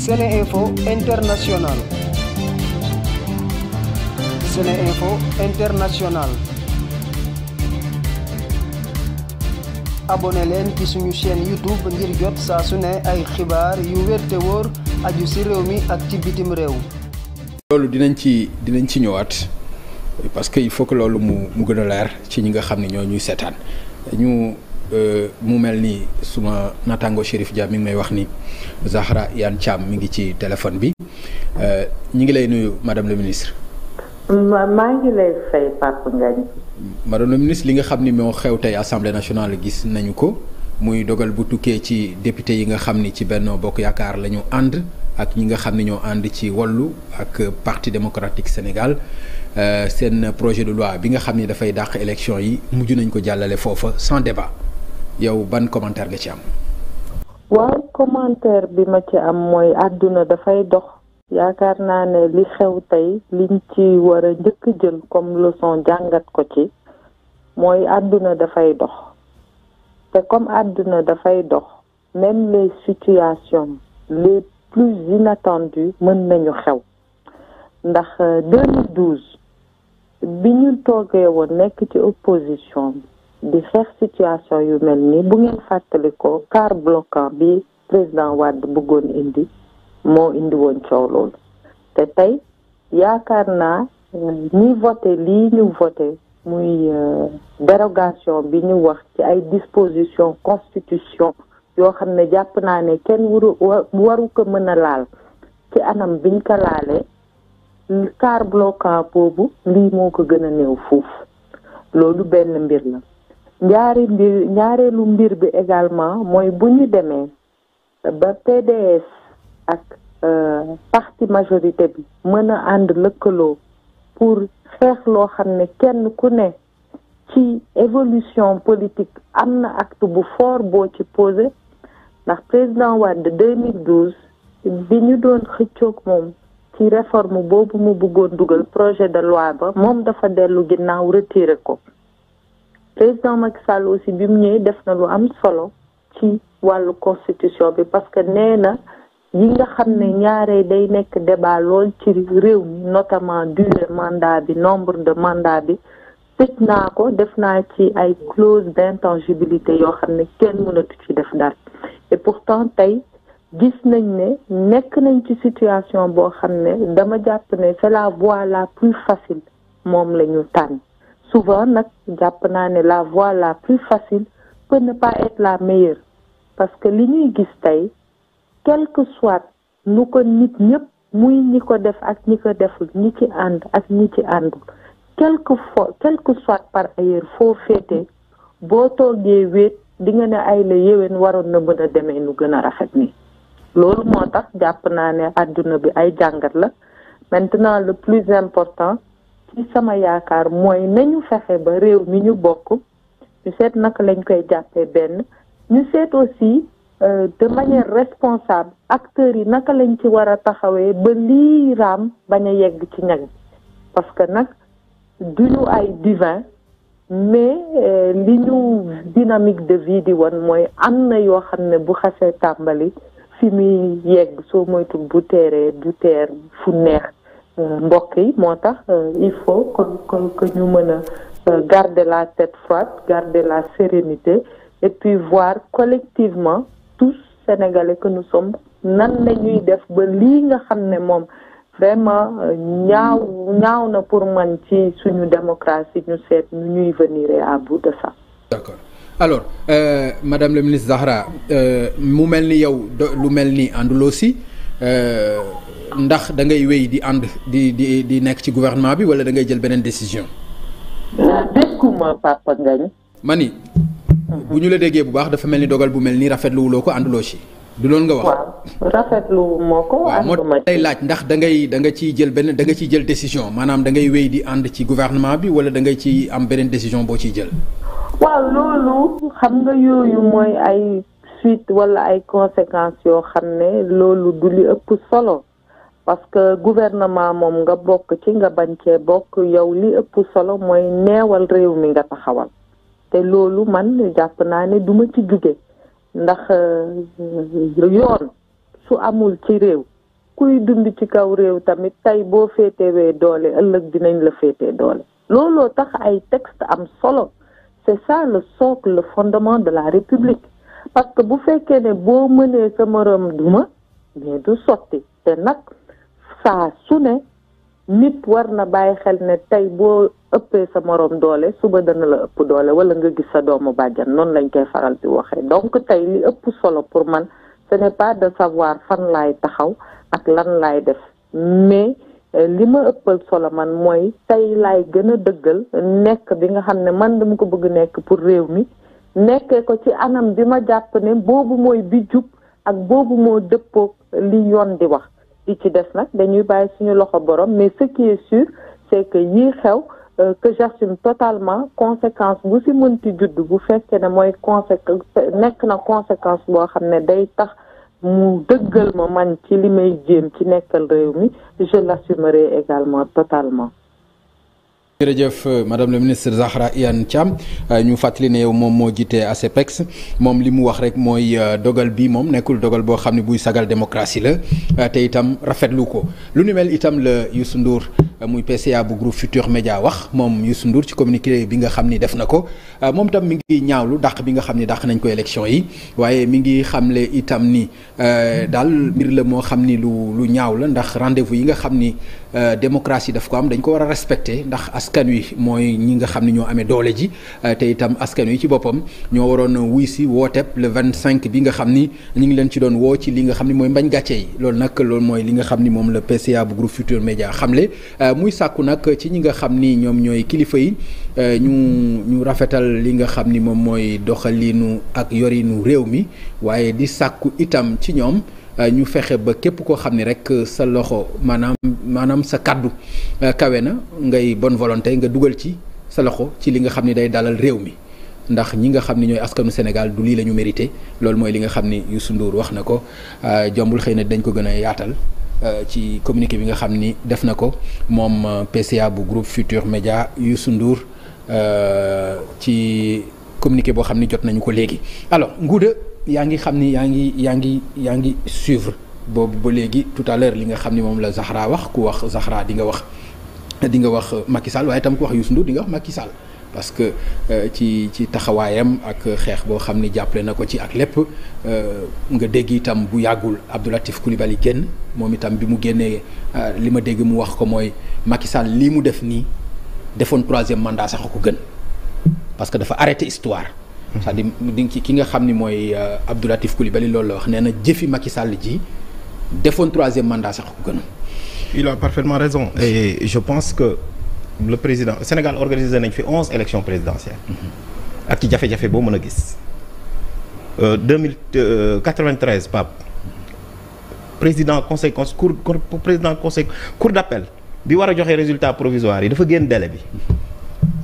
Sene Info International Sene leen ci suñu chaîne YouTube ngir jot saa su ne ay xibaar yu wér te wóor aju ci réew mi ak ci bitim réew loolu dinañ ci dinañ ci ñëwaat parce que il faut loolu mu mu gën a leer ci ñi nga xam ne ñoo ñuy seetaan ñu Euh, mu mel ni suma natango Chérif Dia mi ngi may wax ni Zahra Iyane Thiam mi ngi ci téléphone bi euh, ñi ngi lay nuyu madame le ministre. li nga xam ni moo xew tey assemblée nationale gis nañu ko muy dogal bu tukkee ci député yi nga xam ni ci Benno Bokk Yaakaar la ànd ak ñi nga xam ni ñoo ànd ci Wallu ak Parti Démocratique Sénégal euh, seen projet de loi bi nga xam ni dafay dàq élection yi mujj nañ ko jàllale foofa sans débat. yow ban commentaire nga ci am. waaw commentaire bi ma ci am mooy àdduna dafay dox yaakaar naa ne li xew tey liñ ci wara njëkk jël comme leçon jàngat ko ci mooy àdduna dafay dox te comme àdduna dafay dox même les situations les plus inattendues mën nañu xew ndax 2012 euh, bi ñu toogee woon nekk ci opposition di xeex situation yu mel ni bu ngeen fàttali ko car bloquant bi président Wade bëggoon indi moo indi woon coow loolu te tey yaakaar naa euh, ñi voté lii ñu voté muy euh, dérogation bi ñu wax ci ay disposition constitution yoo xam ne jàpp naa ne kenn waru ko mën a laal ci anam biñ ko laalee car bloquant boobu lii moo ko gën a néew fuuf loolu benn mbir la ñaari mbir ñaareelu mbir bi également mooy bu ñu demee ba PDS ak euh, parti majorité bi mën a ànd lëkkaloo pour xeex loo xam ne kenn ku ne ci évolution politique am na acte bu fort boo ci posé ndax président Wade 2012 bi ñu doon xëccoog moom ci réforme boobu mu bëggoon dugal projet de loi ba moom dafa dellu ginnaaw retiré ko président Macky Sall aussi bi mu ñëwee def na lu am solo ci wàllu constitution bi parce que nee na yi nga xam ne ñaare day nekk débat lool ci réew mi notamment durée mandat bi nombre de mandat bi tëj naa ko def naa ci ay clause d'intangibilité yoo xam ne kenn mënatu ci def dara et pourtant tey gis nañ ne nekk nañ ci situation boo xam ne dama jàpp ne c'est la voie la plus facile moom la ñu tànn souvent nag jàpp naa ne la voie la plus facile peut ne pas être la meilleure parce que li ñuy gis tey quel que soit nu ko nit ñëpp muy ñi ko def ak ñi ko deful ñi ci ànd ak ñi ci àndul quelque fois quel soit par ailleurs foo féete boo toogee wéet di nga ne ay la yéwén waroon na mën a demee nu gën a rafet nii loolu moo tax jàpp naa ne adduna bi ay jàngat la maintenant le plus important ci sama yaakaar mooy nañu fexe ba réew mi ñu bokk ñu seet naka lañ koy jàppee benn ñu seet aussi euh, de manière responsable acteurs yi naka lañ ci war a taxawee ba lii raam bañ a yegg ci ñag parce que nag duñu ay divin mais euh, li ñu dynamique de vie di woon mooy am na yoo xam ne bu xasee tàmbali fi muy yegg soo moytul bu teeree du teer fu neex Euh, mbokk yi moo tax euh, il faut que que que ñu mën a euh, garder la tête froide garder la sérénité et puis voir collectivement tous sénégalais que nu sommes nan la ñuy def ba lii nga xam ne moom vraiment ñaaw ñaaw na pour man ci suñu démocratie ñu seet nu ñuy venir à bout de ça. D'accord. alors euh, madame le ministre Zahra mu mel ni yow lu mel ni ànduloo ndax dangay ngay wéy di ànd di di di nekk ci gouvernement bi wala da ngay jël beneen décision. dégguma Papa Ngagne. ma ni. Mhm. bu ñu la déggee bu baax dafa mel ni dogal bu mel nii rafetluwuloo ko ànduloo ci. du loolu nga wax waaw rafetlu moo ko. moo lay laaj ndax da ngay da nga ciy jël benn danga nga ciy jël décision maanaam da ngay wéy di ànd ci gouvernement bi wala da ci am beneen décision boo ciy jël. waaw loolu xam nga yooyu mooy ay suite wala ay conséquences yoo xam ne loolu du li parce que gouvernement moom nga bokk ci nga bañ cee bokk yow li ëpp solo mooy neewal réew mi nga taxawal te loolu man jàpp naa ne duma ci jóge ndax euh, yoon su amul ci réew kuy dund ci kaw réew tamit tey boo féetewee doole ëllëg dinañ la féetee doole looloo tax ay texte am solo c'est ça le socle le fondement de la république parce que bu fekkee ne boo mënee sa moroom duma mais du sotti te nag saa su ne nit war na bàyyi xel ne tey boo ëppee sa moroom doole suba dana la ëpp doole wala nga gis sa doomu bàjjan noonu lañ koy faral di waxee donc tey li ëpp solo pour man ce n'est pas de savoir fan laay taxaw ak lan laay def mais euh, li ma ëppal solo man mooy tey laay gën a dëggal nekk bi nga xam ne man dama ko bëgg nekk pour réew mi nekkee ko ci anam bi ma jàpp ne boobu mooy bi jub ak boobu moo dëppoog li yoon di wax li ci des nag dañuy bàyyi suñu loxo borom mais ce qui est sûr c'est que yii xew euh, que j'assume totalement conséquence bu si mënti juddu bu fekkee ne mooy conséquence nekk na conséquence boo xam ne day tax mu dëggal ma man ci li may jéem ci nekkal réew mi je l'assumerai également totalement jërëjëf madame la ministre Zahra Iyane Thiam euh, ñu fàttali ne yow moom moo jiite ASEPEX moom li mu wax rek mooy euh, dogal bi moom nekkul dogal boo xam ne buy sagal démocratie la euh, te itam rafetlu ko lu nu mel itam la Youssou Ndour muy PCA bu groupe Futur Média wax moom Youssou Ndour ci communiqué bi nga xam ni def na ko moom tam mi ngi ñaaw lu dàq bi nga xam ni dàq nañ ko élection yi waaye mi ngi xamle itam ni daal mbir la moo xam ni lu lu ñaaw la ndax rendez-vous yi nga xam ni démocratie daf ko am dañ ko war a respecté askan wi mooy ñi nga xam ne ñoo amee doole ji euh, te itam askan wi ci boppam ñoo waroon wuy si wooteeb le vingt cinq bi nga xam ni ñu ngi leen ci doon woo ci li nga xam ne mooy mbañ gàcce yi loolu nag loolu mooy li nga xam ni moom la PCA bu groupe Futur Média xamle euh, muy sàkku nag ci ñi nga xam ni ñoom ñooy kilifa yi euh, ñu ñu rafetal li nga xam ni moom mooy doxaliinu ak yorinu réew mi waaye di sàkku itam ci ñoom Euh, ñu fexe ba képp koo xam ni rek euh, sa loxo maanaam maanaam sa kàddu euh, kawe na ngay bonne volonté nga dugal ci sa loxo ci li nga xam ni day dalal réew mi ndax ñi nga xam ni ñooy askanu Sénégal du lii la ñu mérité loolu mooy li nga xam ni Youssou Ndour wax na ko jombul xëy na dañ ko gën a yaatal ci communiqué bi nga xam ni def na ko moom PCA bu groupe Futur Média Youssou Ndour ci communiqué boo xam ni jot nañu ko léegi alors Ngouda yaa ngi xam ni yaa ngi yaa ngi yaa ngi suivre boobu ba léegi tout à li nga xam ni moom la Zahra wax ku wax Zahra di nga wax di nga wax Macky Sall waaye itam ku wax Youssou Ndour di nga wax Macky Sall parce que euh, ci ci taxawaayam ak xeex boo xam ni jàppale na ko ci ak lépp euh, nga dégg itam bu yàggul Abdou Latif Coulibaly génn moom itam bi mu génnee euh, li ma dégg mu wax ko mooy Macky Sall lii mu def nii defoon troisième mandaa sax ko gën parce que dafa arrêté histoire. cest di nga ci ki nga xam ni mooy euh, Abdou Latif Coulibaly loolu la wax neena na jëfi Macky Sall ji defoon troisième mandat sax ko gën a. il a parfaitement raison et je pense que le président Sénégal organisé nañ fi onze élections présidentielles. Mhm. ak ci jafe boo mën a gis. Euh, deux mille euh, quatre-vingt-treize président conseil cons cour président conseil cour d'appel bi war a joxe résultat provisoire yi dafa génn délai bi mhm.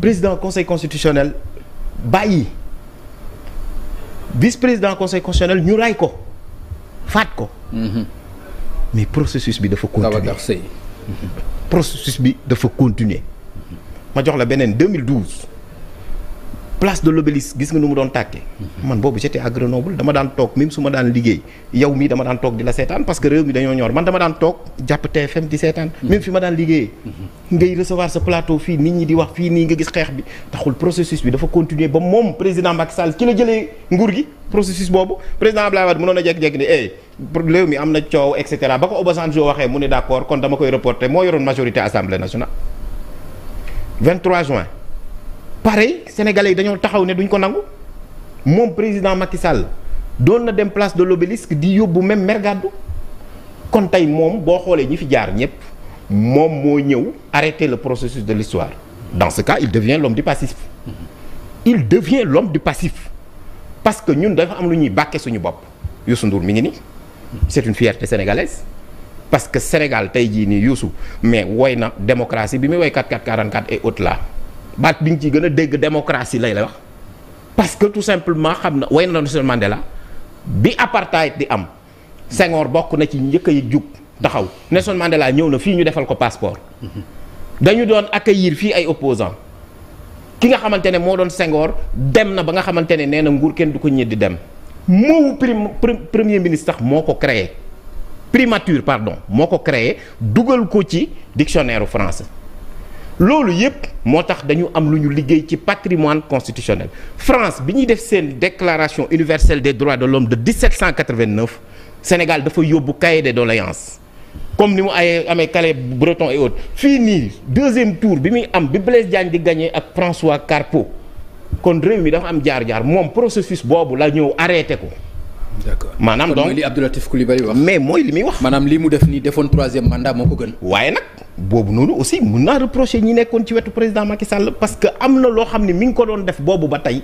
président conseil constitutionnel bàyyi. vice président conseil constitutionnel ñu ray ko faat ko. Mhm. mais processus bi dafa continuer mhm. processus bi dafa continuer ma jox la beneen 2012. place de l'obélisque gis nga nu mu doon tàkkee mhm. man boobu j'étais à Grenoble dama daan toog même su ma daan liggéey yow mii dama daan toog di la seetaan parce que réew mi dañoo ñor man dama daan toog jàpp TFM di seetaan mhm. même fi ma daan liggéeyee mhm. ngay recevoir sa plateau fii nit ñi di wax fii nii nga gis xeex bi taxul processus bi dafa continuer ba moom président Macky Sall ki la jëlee nguur gi processus boobu président Abdoulaye Wade mënoon a jekk-jekk ni eh réew mi am na coow et cetera ba ko Obasanjo waxee mu ne d'accord kon dama koy reporter moo yoroon majorité assemblée nationale 23 juin pareil sénégalais yi dañoo taxaw ne duñ ko nangu moom président Macky Sall doon na dem place de l'obélisque di yóbbu même mergaddu kon tey moom boo xoolee ñi fi jaar ñëpp moom moo ñëw arrêter le processus de l'histoire dans ce cas il devient l'homme du passif il devient l'homme du passif parce que ñun dafa am lu ñuy bàkke suñu bopp Youssou Ndour mi ngi nii c'est une fierté sénégalaise parce que Sénégal tey jii nii Youssou mais woy na démocratie bi muy woy 44 44 et au baat bi nga ci gën a dégg démocratie lay la wax parce que tout simplement xam na way na Nelson Mandela bi apartheid di am Senghor bokk na ci njëkk a jug taxaw Nelson Mandela ñëw na fii ñu defal ko passeport dañu doon accueillir fii ay opposants ki nga xamante ne moo doon Senghor dem na ba nga xamante ne nee na nguur kenn du ko ñi di dem moowu premier ministre sax moo ko créer primature pardon moo ko créer dugal ko ci dictionnaire france loolu yëpp moo tax dañu am lu ñu liggéey ci patrimoine constitutionnel France bi ñuy def seen declaration universelle des droits de l'homme de 1789 Sénégal dafa yóbbu cahier des doléances comme ni mu aye amee Calais Breton et autres fii nii deuxième tour bi muy am bi Blaise Diagne di gañee ak François Carpeau kon réew mi dafa am jaar-jaar moom processus boobu la ñëw arrêté ko d'accord maanaam donc mooy li Abdou mais mooy li muy wax. maanaam li mu def nii defoon troisième mandat moo ko gën. waaye nag boobu noonu aussi mun naa reprocher ñi nekkoon ci wetu président Macky parce que am na loo xam ne mu ngi ko doon def boobu ba tey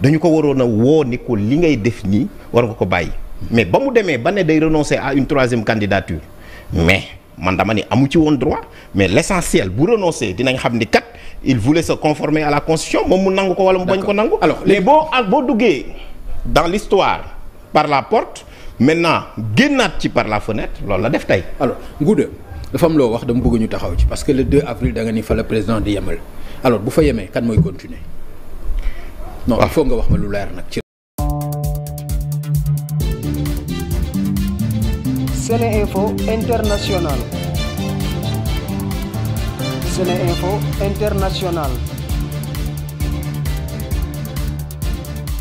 dañu ko waroon a woo ni ko li ngay def nii war nga ko bàyyi. mais ba mu demee ba ne day renoncer à une troisième candidature mais man dama ni amu ci woon droit mais l'essentiel bu renoncer dinañ xam ni kat il voulait sa conformer à la constitution moom mu nangu ko wala mu bañ ko nangu. alors mais boo boo duggee dans l'histoire par la porte maintenant génnaat ci par la fenêtre loolu la def tey. alors Ngouda dafa am loo wax dama bëgg ñu taxaw ci parce que le 2 avril da nga ni fa la président di yemal alors bu fa yemee kan mooy continuer. non ah. il faut nga wax ma lu leer nag ci. Sene Info International.